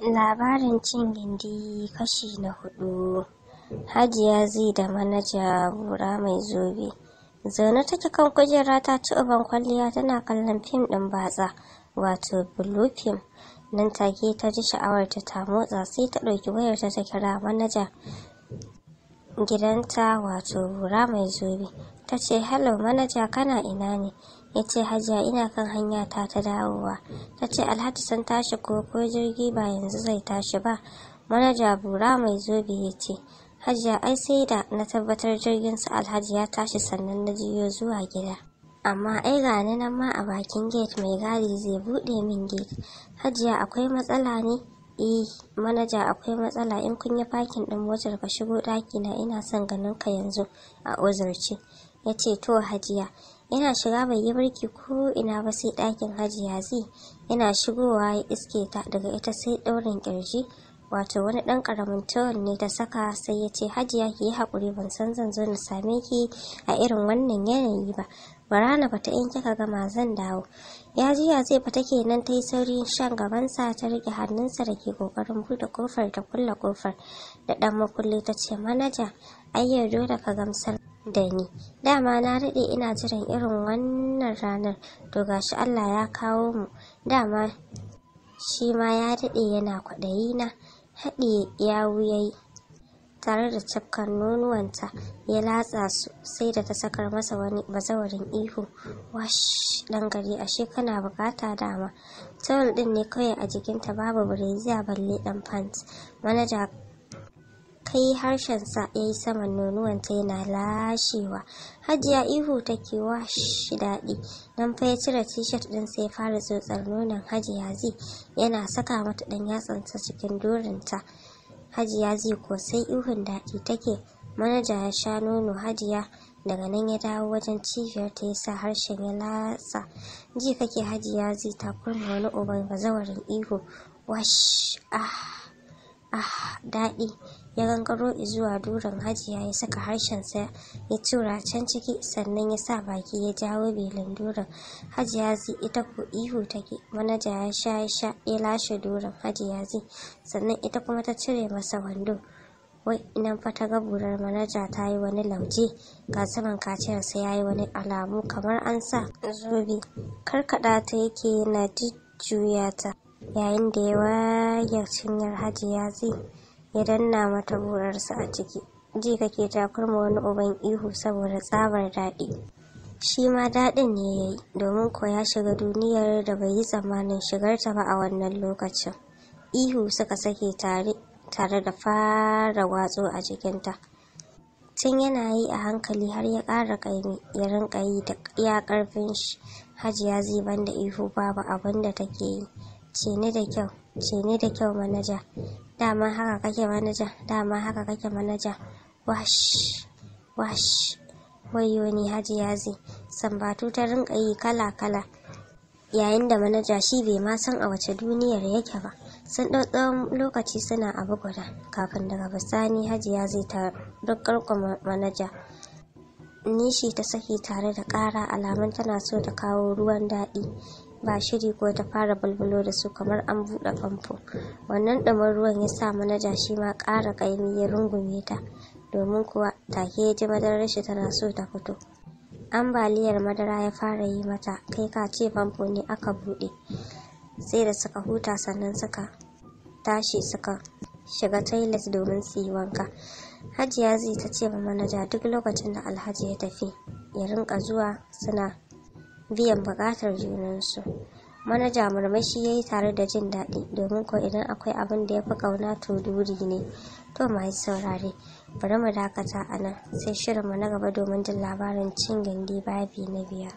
Labarin cin gindi kashi na hudu. Hajiya zai da manaja bura mai zobe. Zaune take kan kujera ta ci uban kwalliya tana kallon fim din batsa wato blue film. Nan take ta ji sha'awar ta ta motsa sai ta ɗauki wayar ta ta kira manaja gidanta wato bura mai zobe. Ta ce hello manaja kana ina ne? ya ce hajiya ina kan hanya ta ta dawowa ta ce alhaji sun tashi ko ko jirgi ba yanzu zai tashi ba manaja bura mai zobe ya ce hajiya ai sai da na tabbatar jirgin su alhaji ya tashi sannan na jiyo zuwa gida amma ai ga ni nan ma a bakin gate mai gari zai buɗe min gate hajiya akwai matsala ne eh manaja akwai matsala in kun yi fakin ɗin motar ka shigo ɗaki na ina son ganin ka yanzu a ozurci ya ce to hajiya yana shiga bai yi birki ko ina ba sai ɗakin hajiya zai yana shigowa ya iske ta daga ita sai ɗaurin ƙirji wato wani ɗan ƙaramin tawon ne ta saka sai ya ce hajiya ki yi haƙuri ban san zan zo na same ki a irin wannan yanayi ba barana ba ta yanke ka gama zan dawo ya ji ya zai ke kenan ta yi sauri shan gabansa ta rike hannunsa da ke ƙoƙarin buɗe kofar ta kulle kofar da ɗan makulli ta ce manaja ayyar dole ka gamsar da ni dama na daɗe ina jiran irin wannan ranar to gashi Allah ya kawo mu dama shi ma ya daɗe yana kwaɗayi na haɗiye ya yayi tare da cafkan nonuwanta ya latsa su sai da ta sakar masa wani bazawarin ihu wash dan gari ashe kana bukata dama tawul din ne kawai a jikinta babu breziya balle dan pants manaja kai harshensa ya yi saman nonuwanta yana lashewa hajiya ihu take wa shi daɗi nan fa ya cire t-shirt ɗin sai fara tsotsar nonon hajiya zai yana saka mata ɗan yatsansa cikin dorinta hajiya zai ko sai ihun daɗi take manaja ya sha nono hajiya daga nan ya dawo wajen cibiyar ta ya sa harshen ya latsa ji kake hajiya zai takurma wani uban zawarin ihu wash ah ah daɗi ya gangaro zuwa durin hajiya ya saka harshensa ya tura can ciki sannan ya sa baki ya jawo belin durin hajiya zi ita ko ihu take manaja ya sha ya sha ya lashe durin hajiya zi sannan ita kuma ta cire masa wando wai inan fa ta ga burar manaja ta yi wani lauje ga saman kaciyarsa ya yi wani alamu kamar an sa zobe karkada ta yake yana jujjuya ta yayin da ya wayar cinyar hajiya zi ya danna mata burarsa a ciki ji kake takurma wani uban ihu saboda tsabar daɗi shi ma daɗin ne ya yi domin ko ya shiga duniyar da bai yi tsammanin shigarta ba a wannan lokacin ihu suka sake tare da fara watso a jikinta tun yana yi a hankali har ya ƙara ƙaimi ya rinka yi da ya ƙarfin shi hajiya ziban da ihu babu abin da take yi ce ni da kyau ne da kyau manaja dama haka kake manaja dama haka kake manaja wash wash wayo ni hajiya zai sambatu ta rinka yi kala kala yayin da manaja shi bai ma san a wace duniyar yake ba sun ɗau tsawon lokaci suna abu guda kafin daga bisani hajiya zai ta kuma manaja nishi ta saki tare da ƙara alamun tana so ta kawo ruwan daɗi ba shiri ko ta fara bulbulo da su kamar an buɗe famfo wannan ɗumin ruwan ya sa manaja shi ma ƙara ƙaimi ya rungume ta domin kuwa take ya ji madarar shi tana so ta fito ambaliyar madara ya fara yi mata kai ka ce famfo ne aka buɗe sai da suka huta sannan suka tashi suka shiga toilet domin su yi wanka hajiya zai ta ce ma manaja duk lokacin da alhaji ya tafi ya rinka zuwa suna biyan buƙatar junansu. Manaja murmushi ya yi tare da jin daɗi domin ko idan akwai abin da ya fi ƙauna to duri ne. To mai saurare, bari mu dakata a nan sai shirinmu na gaba domin jin labarin cin gindi babi na biya.